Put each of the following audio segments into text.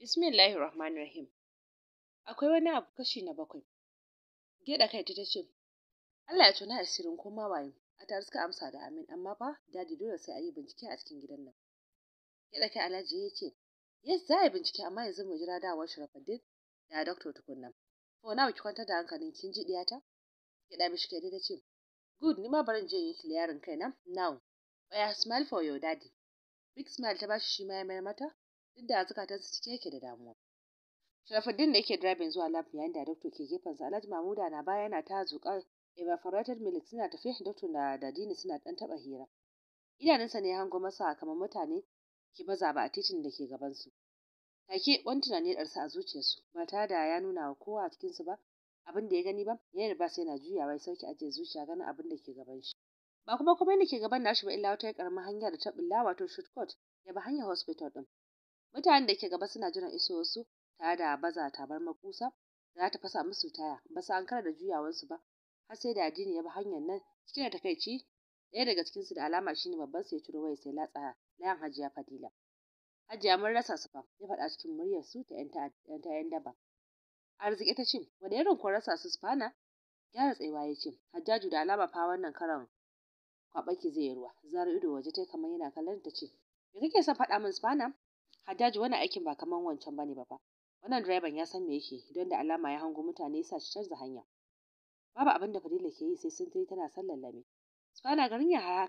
Bismillahir Rahmanir Rahim. Akwai wani abu kashi na bakwai. Geda kai ta ce, Allah ya tona asirin koma waye. A tare suka amsa da amin, amma fa dadi dole sai a yi bincike a cikin gidan nan. Geda kai Alhaji ya ce, Yes, za a yi bincike amma yanzu mu jira shirafa Sharafuddin da Doctor tukunna. Ko na ki kwanta da hankalin kin ji diyata? Geda mishi kai ta ce, Good, ni ma barin je yi clearing na Now, Oya, smile for your daddy. Big smile ta bashi shi ma ya mayar mata duk da su cike yake da damuwa sharafuddin da yake driving zuwa lab yayin da doctor ke gefensa alhaji Mahmuda na baya yana ta zuƙar evaporated milk suna tafe doctor na dadini suna ɗan taɓa hira idanunsa ne ya hango masa kamar mutane ke baza ba a titin da ke gabansu take wani tunani ya ɗarsa a zuciyarsu ba tare da ya nuna wa kowa a cikinsu ba abin da ya gani ba ya ba sai yana juyawa ya sauke ajiye zuciya ganin abin da ke gaban shi ba kuma komai da ke gaban nashi ba illa wata ƙaramin hanya da ta bulla wato shortcut ya ba hanyar hospital din mutanen da ke gaba suna jiran isowarsu tare da baza tabarma kusa da za ta fasa musu taya ba su ankara da juyawarsu ba har sai da addini ya bi hanyar nan cikin da takaici ɗaya daga cikin su da alama shine babban sai ciro waya sai latsa layan hajiya fadila hajiya mun rasa su fa ya faɗa cikin muryar su ta yan ta yan daba arziki ta ce wanda irin ko rasa su fana gyara tsayuwa ya ce hajjaju da alama fa wannan karan kwaɓaki zai ruwa zara ido waje ta kamar yana kallon ta ce me kake son faɗa min spana Hajjaji wannan aikin ba kaman wancan bane ba fa. Wannan direban ya san me yake don da alama ya hango mutane yasa shi canza hanya. Babu abin da Fadila ke yi sai sun tayi tana sallar lami Sufana garin ya haka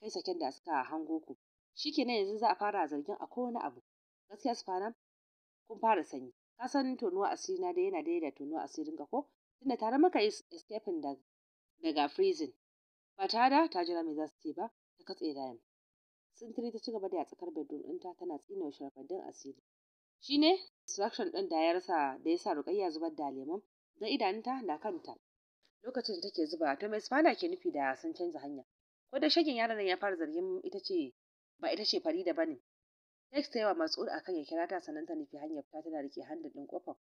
kai saken da suka hango ku. Shikenan yanzu za a fara zargin a kowane abu. Gaskiya Sufana kun fara sanyi. Ka san tonuwa asiri na da yana daya da tonuwa asirin ka ko? Tunda tare maka escaping daga freezing. Ba ta da ta jira me za su ce ba ta katse rayan. Sintiri ta ci gaba da yatsakar bedroom ɗinta tana tsinewa sharfaddin asiri. Shi ne distraction ɗin da ya rasa da ya sa Rukayya zubar da lemon don idanunta na kanta. Lokacin da take zuba ta mai spana ke nufi da sun canza hanya. Ko da shagin yaron nan ya fara zargin ita ce ba ita ce Farida ba ne. Text ta yawa a kan ya kira ta sannan ta nufi hanyar fita tana rike handin ɗin ƙofar.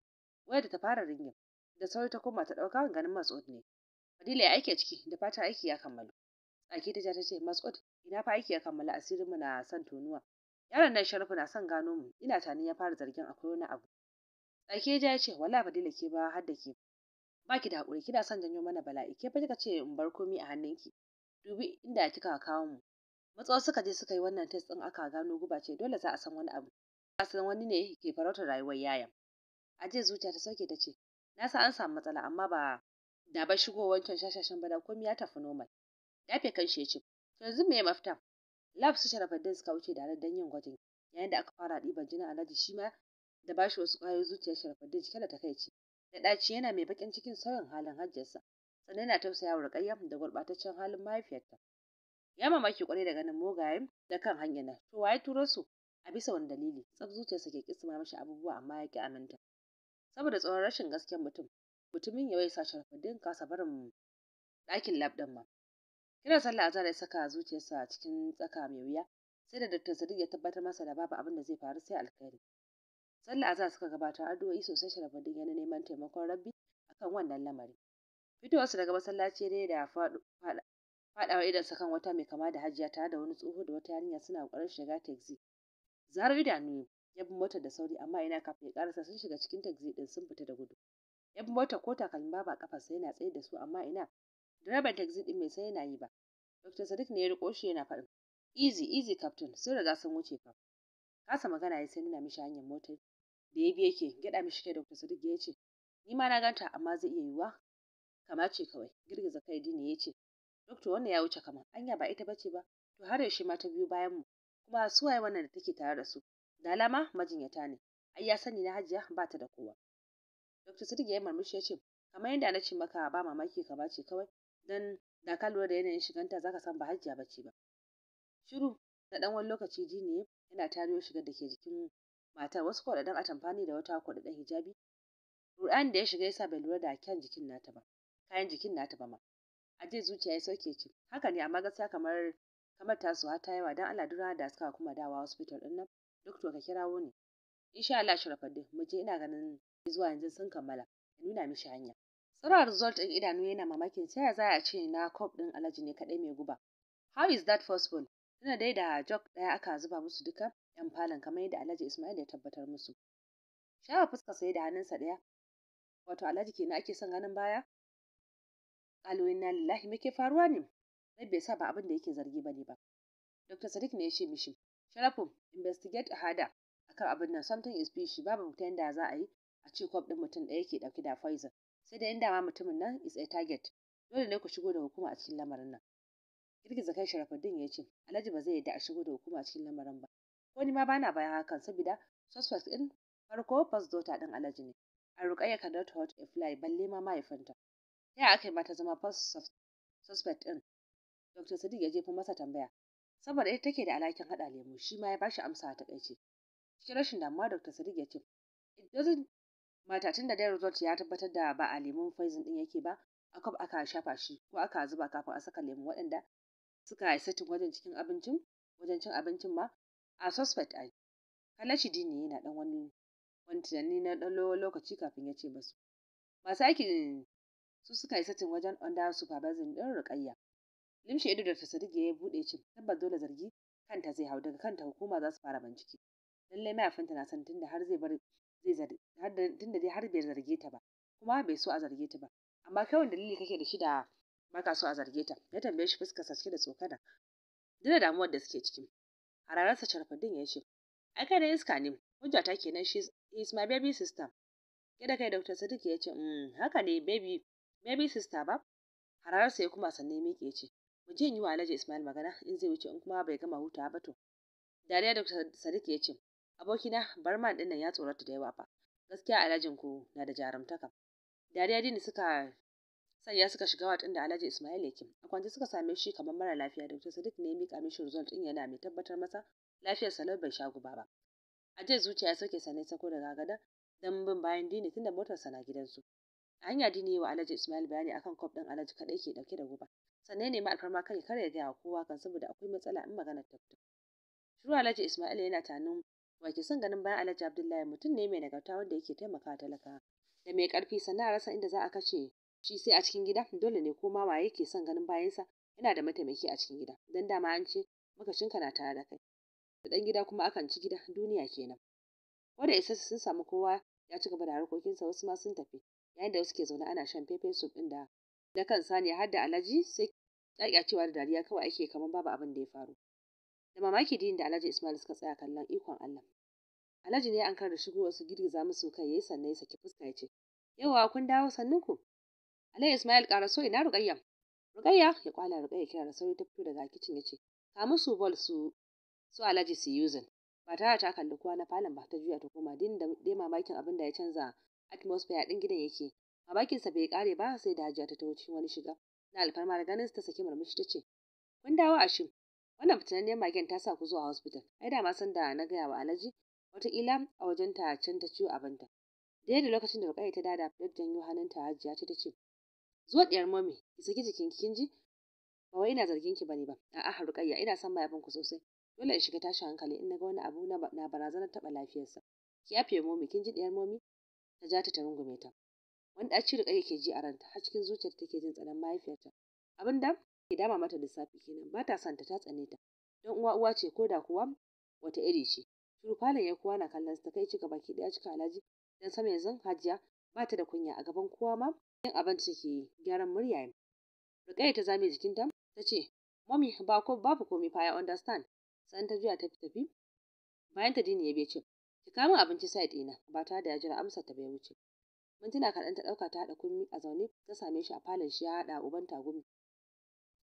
Wayar da ta fara ringin da sauri ta koma ta ɗauka ganin Mas'ud ne. Fadila ya aike ciki da fata aiki ya kammalu. Tsaki ta ta ce, Mas'ud, ina fa aiki ya kammala asirinmu na san tonuwa. Yaron nan Sharifu na son gano mu, ina tani ya fara zargin akwai wani abu. Tsaki ja ya ce, Wala ba dila ke ba har da ke. Ba ki da haƙuri, kina son janyo mana bala'i, ke fa kika ce in bar komi a hannun ki? Dubi inda kika kawo mu. matso suka je suka yi wannan test ɗin aka gano guba ce dole za a san wani abu. Ba san wani ne ke farautar rayuwar yayan. A jiya zuciya ta sauke ta ce, Na san an samu matsala amma ba da ba shigo wancan shashashin bada komi ya tafi normal. yafe kanshi ya ce to yanzu me mafita lab su sharafaddin suka wuce da don yin gwajin yayin da aka fara diban jinin alhaji shi ma da bashi wasu kwayoyin zuciyar sharafaddin cike da takaici da ɗaci yana mai bakin cikin sauyin halin hajjarsa sannan yana tausaya wa da gurɓataccen halin mahaifiyarta ya mamaki kwarai da ganin mugayen da kan hanyar nan to waye turo su a bisa wani dalili tsaf zuciyarsa ke kisma mashi abubuwa amma ya ki aminta saboda tsoron rashin gasken mutum mutumin ya waisa sharafaddin kasa barin ɗakin lab ɗin ma kiran sallah azhar ya saka zuciyarsa a cikin tsaka mai wuya sai da Dr. Sadiq ya tabbatar masa da babu abin da zai faru sai alkhairi sallah azhar suka gabatar addu'o'i sosai sharafin din yana neman taimakon rabbi akan wannan lamari fitowarsu daga masallaci ne da faɗawa idonsa kan wata mai kama da hajiya tare da wani tsoho da wata yarinya suna ƙoƙarin shiga taxi zaro idanu ya bi motar da sauri amma ina kafin ya sa sun shiga cikin taxi din sun fita da gudu ya bi motar ko takalmi a kafarsa yana tsaye da su amma ina Direban taxi din bai san yana yi ba. Dr. Sadiq ne ya riko shi yana faɗin. Easy, easy captain, sun riga sun wuce fa. Kasa magana ya sai nuna mishi hanyar motar da ya bi yake gyaɗa mishi kai Dr. Sadiq ya ce, Ni ma na ganta amma zai iya yiwuwa. Kama ce kawai, girgiza kai dini ya ce, Dokta wannan ya wuce kama, anya ba ita bace ba, to har yaushe ma ta biyo bayan mu, kuma su waye wannan da take tare da su. Da alama majinyata ne, ai ya sani na hajiya ba ta da kowa. Dr. Sadiq ya yi murmushi ya ce, Kamar yadda na ce maka ba mamaki kama ce kawai, dan da ka lura da yanayin shiganta za ka san ba hajjiya ce ba shiru na ɗan wani lokaci ji ne yana tariyo shigar da ke jikin matar wasu kwaɗaɗɗen ɗan atamfani da wata ɗan hijabi ruɗani da ya shiga yasa bai lura da kyan jikin nata ba kayan jikin nata ba ma a jiya zuciya ya sauke ce haka ne amma gaskiya kamar kamar tasu har ta yawa dan Allah dura da suka kuma dawa hospital ɗin nan to ka kirawo ni insha Allah sharafaddin mu je ina ganin zuwa yanzu sun kammala ka nuna mishi hanya Sauran result ɗin idanu yana mamakin ta ya za ce na cup ɗin alaji ne kaɗai mai guba. How is that possible? Tuna dai da jog ɗaya aka zuba musu duka ‘yan falon kamar yadda Alhaji Ismail ya tabbatar musu. Shawa fuska sai da hannunsa ɗaya. Wato Alhaji kenan ake son ganin baya? Ƙalu na lillahi muke faruwa ne? Zai bai sa ba abin da yake zargi ba ne ba. Dr. Sadiq ne ya ce mishi, Sharafu, investigate hada akan abin nan something is fishy babu ta yadda za a yi a ce kwaf ɗin mutum ɗaya ke ɗauke da poison sai da inda ma mutumin nan is a target dole ne ku shigo da hukuma a cikin lamarin nan girgiza kai sharafuddin ya ce alhaji ba zai yarda a shigo da hukuma a cikin lamarin ba ko ni ma bana bayan hakan saboda suspect din farko first daughter din alhaji ne a ruƙayya ka hurt a fly balle ma mahaifinta ta yaya aka yi mata zama first suspect din dr sadiq ya jefa masa tambaya saboda ita take da alhakin haɗa lemu shi ma ya bashi amsa a takaice cikin rashin damuwa dr sadiq ya ce it doesn't mata tunda dai resort ya tabbatar da ba a lemun poison din yake ba a kwaf aka shafa shi ko aka zuba kafin a saka lemu waɗanda suka satin wajen cikin abincin wajen cin abincin ma a suspect ai shi dini yana dan wani wani tunani na dan lokaci kafin ya ce basu masu aikin su suka yi satin wajen under supervising din rukayya limshi ido da tasadik ya buɗe cin tabbas dole zargi kanta zai hau daga kanta hukuma za su fara bincike lallai mayafinta na san tunda har zai bar zai dai har bai zarge ta ba kuma bai so a zarge ta ba amma kai wani dalili kake da shi da baka so a zarge ta ya tambaye shi fuskar sa cike da tsokana duk damuwar da suke ciki hararsa sharfadin ya ce ai kai da iska ne hujja ta kenan she is my baby sister Kida kai Dr. Sadiq ya ce mm, haka ne baby baby sister ba hararsa ya kuma sanne miƙe ya ce mu je yi wa Alhaji Ismail magana in zai wuce in kuma bai gama hutawa ba to dariya Dr. Sadiq ya ce abokina bar ma ɗin nan ya tsorata da yawa fa gaskiya alhajin ku na da jarumtaka dariya dini suka sanya suka shiga wat da alhaji ismail yake a kwance suka same shi kamar mara lafiya wuce sadiq ne ya miƙa mishi result ɗin yana mai tabbatar masa lafiyar sa bai sha guba ba a jiya zuciya sauke sanai sako da gada dan bin bayan dini tunda motarsa na gidansu a hanya dini wa alhaji ismail bayani akan kwaf ɗin alhaji kaɗai ke dauke da guba sannan ya nemi alfarma kai kar ya gaya wa kowa kan saboda akwai matsala in magana ta shiru alhaji ismail yana tanin wa son ganin bayan alhaji abdullahi mutum ne mai nagarta wanda yake taimaka talaka da mai karfi sannan a rasa inda za a kashe shi sai a cikin gida dole ne ko ma waye yake son ganin bayansa yana da mataimaki a cikin gida dan dama an ce makashinka na tare da kai da dan gida kuma akan ci gida duniya kenan ko da isa sun samu kowa ya ci gaba da harkokinsa wasu ma sun tafi yayin da wasu ke zaune ana shan pepe soup din da da kan saniya har da alhaji sai cewa da dariya kawai ake kamar babu abin da ya faru da mamaki dini, da alhaji ismail suka tsaya kallon ikon allah alhaji ne an kar da shigowar su girgiza musu kai yayi sannan ya saki fuska ya ce yawa kun dawo sannin ku alhaji ismail so ina rugayya. Rugayya ya kwala rugayya kira da sauri ta fito daga kicin ya ce ka musu bol su su alhaji su yuzin ba tare ta kalli kowa na falon ba ta juya ta koma din da dai mamakin abin da ya canza atmosphere din gidan yake sa bai kare ba sai da hajiya ta ta wuce wani shiga na alfarma da ganin ta saki murmushi ta ce kun dawo a shi Wannan ne magen ta sa ku zuwa hospital. Ai da ma san da na gaya wa Alhaji ila a wajen ta can ta ciwo abinta. Da da lokacin da Rukai ta dada fitar janyo ta Hajiya ta ce Zuwa diyar mami ki saki jikin kin ji ba wai ina zargin ki bane ba a'a Rukayya ina son mayafin ku sosai dole in shiga tashi hankali in naga wani abu na barazanar taɓa lafiyarsa ki yafe momi kinji ji diyar momi ta ja ta ta rungume ta wani ɗaci da ke ji a ranta har cikin zuciyarta take jin tsanan mahaifiyarta abin da ke dama mata lissafi kenan ba ta santa ta tsane ta don uwa uwa ce ko da kuwa wata iri ce shiru falon ya kowa na kallon ta kai cika baki daya cika alhaji dan sama yanzu hajiya ba ta da kunya a gaban kowa ma yin abinci ke yi gyaran murya rukaiya ta zame jikinta ta ce mami ba ko babu komai fa ya understand san ta juya tafi tafi bayan ta dini ya bi ce ki kama abinci sai ɗina ba ta da ya jira Amsa, ta bai wuce mintuna kaɗan ta ɗauka ta haɗa kunmi a zaune ta same shi a falon shi ya haɗa uban tagumi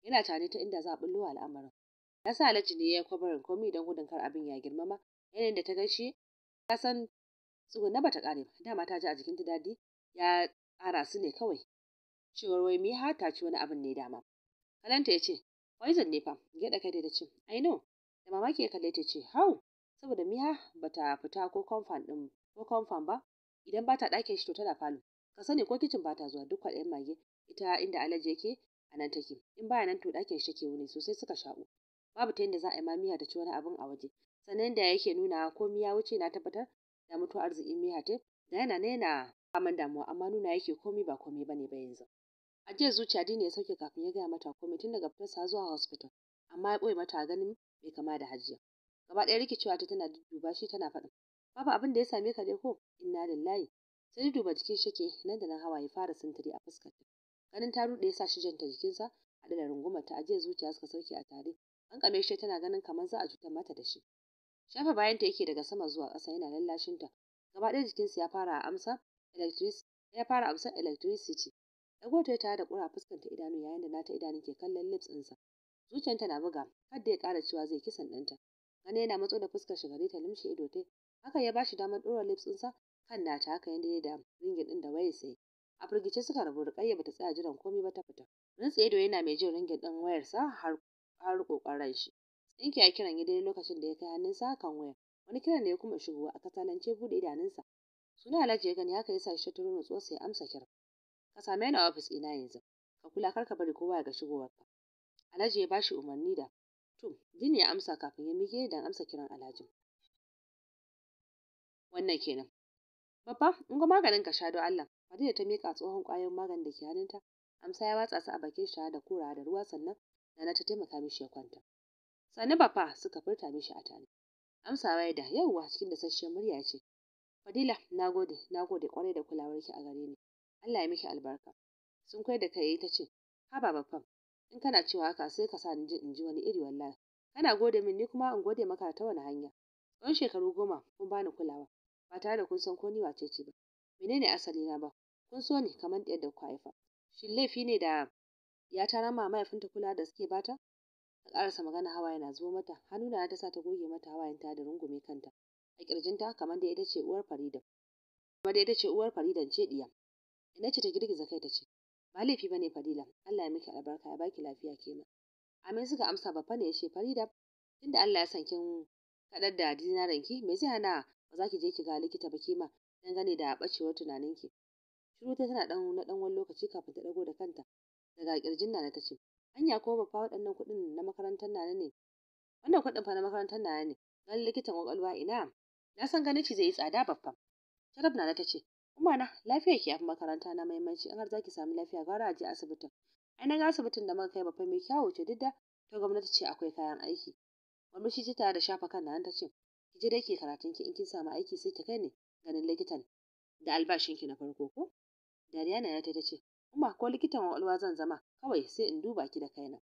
yana tare ta inda zaɓin luwa al'amarin ya sa alhaji ne ya yi kwabarin komi don gudun kar abin ya girmama yanayin da ta gaishe ta san ba bata kare ba dama ta ji a jikin ta dadi ya ƙara su ne kawai cewar wai me ha ta ci wani abin ne dama kalanta ya ce poison ne fa gyaɗa kai da ce i know da mamaki ya kalle ta ce hau saboda miha bata fita ko kwamfan din ko kwamfan ba idan bata ɗakin shi to tana falo ka sani ko kicin bata zuwa duk kwaɗayin mage ita inda alaji yake a nan take in baya nan to ɗakin shi take wuni sosai suka shaƙu babu ta yadda za a yi ma miya ta ci wani abin a waje sannan da yake nuna ko miya wuce na tabbatar da mutu arziki miya ta da yana na yana damuwa amma nuna yake komai ba komai ba ne ba yanzu a jiya zuciya dini ya sauke kafin ya gaya mata komai tun daga fitarsa zuwa hospital amma ya ɓoye mata ganin bai kama da hajiya gaba ɗaya rikicewa ta tana duba shi tana faɗin babu abin da ya same ka dai ko inna lillahi sai duba jikin shake nan da nan hawaye fara sintiri a fuskar ta ganin ta rude ya sa shi janta jikinsa A da rungumar ta ajiyar zuciya suka sauke a tare an kame shi tana ganin kamar za a cutar mata da shi shafa bayanta yake daga sama zuwa ƙasa yana lallashin ta gaba ɗaya jikinsa ya fara amsa electric ya fara amsa electricity dago ta tare da fuskar ta idanu yayin da nata idanun ke kallon lips ɗinsa ta na buga har da ya ƙara cewa zai kisan ɗanta Wani yana matso da fuskar shi gare ta limshe ido ta haka ya bashi damar ɗora lips ɗinsa kan nata haka yadda ya da ringin ɗin da waye sai a firgice suka rabu rukayya bata tsaya jiran komai ba ta fita rantsa ido yana mai jin ringin ɗin wayarsa har har kokarin shi tsinki ya kiran ya lokacin da ya kai hannunsa kan wayar wani kiran ne ya kuma shigowa a kasalance bude idanunsa suna alhaji ya gani haka sa shi ta turo nutsuwa ya amsa kiran ka same ni a ofis ina yanzu ka kula kar ka bari kowa ya ga shigowarka alhaji ya bashi umarni da to jini ya amsa kafin ya mike dan amsa kiran alhajin wannan kenan babba in ga maganin ka sha Allah Fadila ta miƙa tsohon ƙwayar maganin da ke hannunta, Amsa ya watsa su a bakin shi da kurawa da ruwa sannan Nana ta taimaka mishi ya kwanta. "Sannu Baffa," suka furta mishi a tare. Amsawa ya da "Yawwa" cikin dasasshiyar murya ya ce, "Fadila, na gode, na gode ƙwarai da kulawarki a gare ni. Allah ya miki albarka." kai da kai ya ta ce, "Haba Baffan, in kana cewa haka sai ka sa ni in ji wani iri wallahi. Kana gode min ni kuma in gode maka ta wani hanya? Tsawon shekaru goma kun bani kulawa ba tare da kun san ko ni wace ce ba. menene asali na ba kun so ne kamar yadda kuka haifa shin laifi ne da ya ta rama mahaifinta kula da suke bata ta karasa magana hawaye na zuwa mata na ta sa ta goge mata ta da rungume kanta a kirjinta kamar da ita ce uwar farida Kuma da ita ce uwar Farida ce diya ina ce ta girgiza kai ta ce ba laifi bane Farida. Allah ya miki albarka ya baki lafiya kenan amin suka amsa babba ne ya ce farida tunda Allah ya san kin kadar da dinaranki me zai hana ba za ki je ki ga likita ba kima dangane da ɓacewar tunaninki. Shiru ta tana ɗan na ɗan wani lokaci kafin ta ɗago da kanta daga ƙirjin Nana ta ce, Anya kuma ba waɗannan kuɗin na makarantar Nana ne. Wannan kuɗin fa na makarantar Nana ne. Ganin likitan ƙwaƙwalwa ina. Na san ganin ci zai yi tsada babba. Sharaf Nana ta ce, na lafiya ki yafi makaranta na muhimmanci in har za ki sami lafiya gara a asibitin. Ai na ga asibitin da muka kai babba mai kyawu ce duk da ta gwamnati ce akwai kayan aiki. Murmushi ta tare da shafa kan Nana ta ce, Ki je dai ki karatun ki in kin samu aiki sai ki kai ne. ganin likitan da albashin ki na farko ko dariya na ta ce umma ko likitan walwa zan zama kawai sai in duba ki da kaina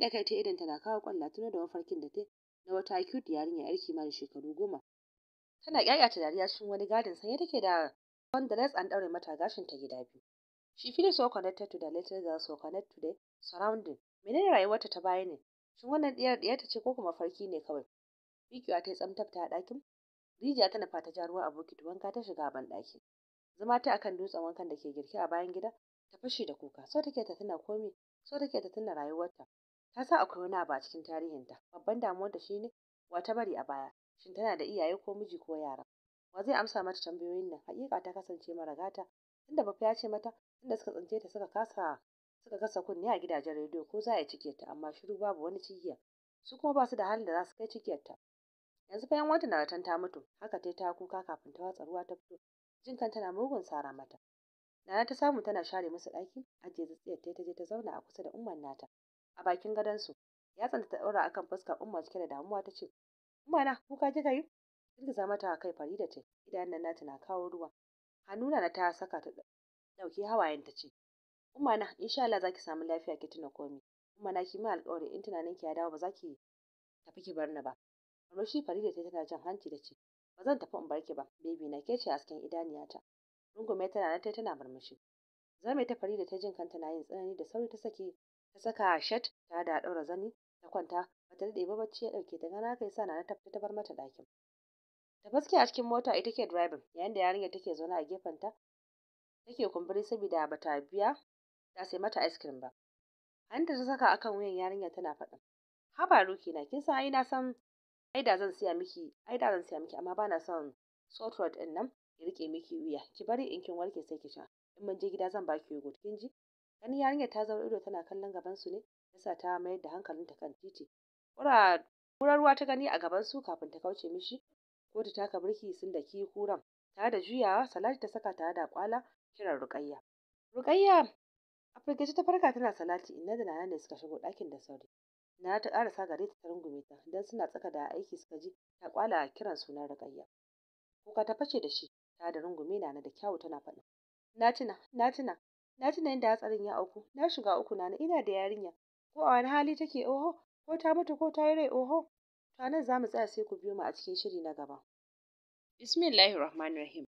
da kai ta idan tana kawo kwalla tuno da mafarkin da ta na wata cute yarinya yar kimanin shekaru goma tana kyakkyata dariya cikin wani gadin sanye take da bandalas an daure mata gashin ta gida biyu she feels so connected to the little girl so connected to the surrounding menene rayuwarta ta baya ne shin wannan diyar diyar ta ce ko kuma farki ne kawai Bikiwa ta yi tsamtar ta ɗakin Rijiya ta nufa ta ja ruwa a bokiti wanka ta shiga banɗaki. Zama ta akan dutsen wankan da ke girke a bayan gida ta fashe da kuka. So take ta tuna komai, so take ta tuna rayuwarta. Ta sa akwai wani abu a cikin tarihinta. Babban damuwarta ne? wa ta bari a baya. Shin tana da iyaye ko miji ko yara? Wa zai amsa mata tambayoyin nan? Hakika ta kasance mara gata. Tunda Baffa ya ce mata tunda suka tsince ta suka kasa suka kasa kunne a gidajen rediyo ko za a yi cikiyarta amma shiru babu wani cikiya. Su kuma ba su da halin da za su kai cikiyarta. yanzu fa wata na zaton ta mutu haka tai ta kuka kafin ta watsa ruwa ta fito jin kanta tana mugun sara mata Nana ta samu tana share musu ɗaki, ajiye tsintsiyar ta je ta zauna a kusa da umman nata. A bakin gadon ya yatsan ta ɗaura akan fuska, umma cike da damuwa ta ce, "Umma na, kuka kika yi?" Girgiza mata kai Farida ce, nan nata na kawo ruwa. Hannuna na ta saka ta dauki hawayen ta ce, "Umma na, insha Allah zaki samu lafiya ki tuna komi. Umma na ki mai alƙawari in tunanin ki ya dawo ba za ki tafi ki bar ba." Murmushi Farida ta tana jan hanci da ce, Ba zan tafi in bar ki ba, baby na ke ce hasken idaniyata. Rungume tana nan ta tana murmushi. Zame ta Farida ta jin kanta na yin tsanani da sauri ta saki ta saka shat ta da daura zani ta kwanta bata daɗe ba bacci ya dauke ta gana kai sa na tafi ta bar mata ɗakin. Ta baske a cikin mota ita ke driving yayin da yarinya take zaune a gefenta take kumburi saboda bata biya ta sai mata ice cream ba. Hanta ta saka akan wuyan yarinya tana faɗin. Haba Ruki na kin san ai na san ai da zan siya miki ai da zan siya miki amma bana son salt rod din nan ya rike miki wuya ki bari in kin warke sai ki sha in mun je gida zan baki yogurt kin ji gani yarinyar ta zaura ido tana kallon gaban su ne yasa ta mayar da hankalinta kan titi kura ruwa ta gani a gaban su kafin ta kauce mishi ko ta taka birki sun ki kuran tare da juyawa salati ta saka tare da kwala kiran rukayya rukayya a ta farka tana salati inna da nana ne suka shigo ɗakin da sauri Na ta ƙarasa gare ta ta rungume ta, don suna tsaka da aiki suka ji ta ƙwala kiran sunan Rukayya. Kuka ta fashe da shi, ta da rungume na da kyawu tana faɗin. Na tuna, na tuna, na tuna yadda hatsarin ya auku, na shiga uku na, ina da yarinya. Ko a wani hali take oho, ko ta mutu ko ta yi rai oho. To nan za mu tsaya sai ku biyo mu a cikin shiri na gaba. Rahim.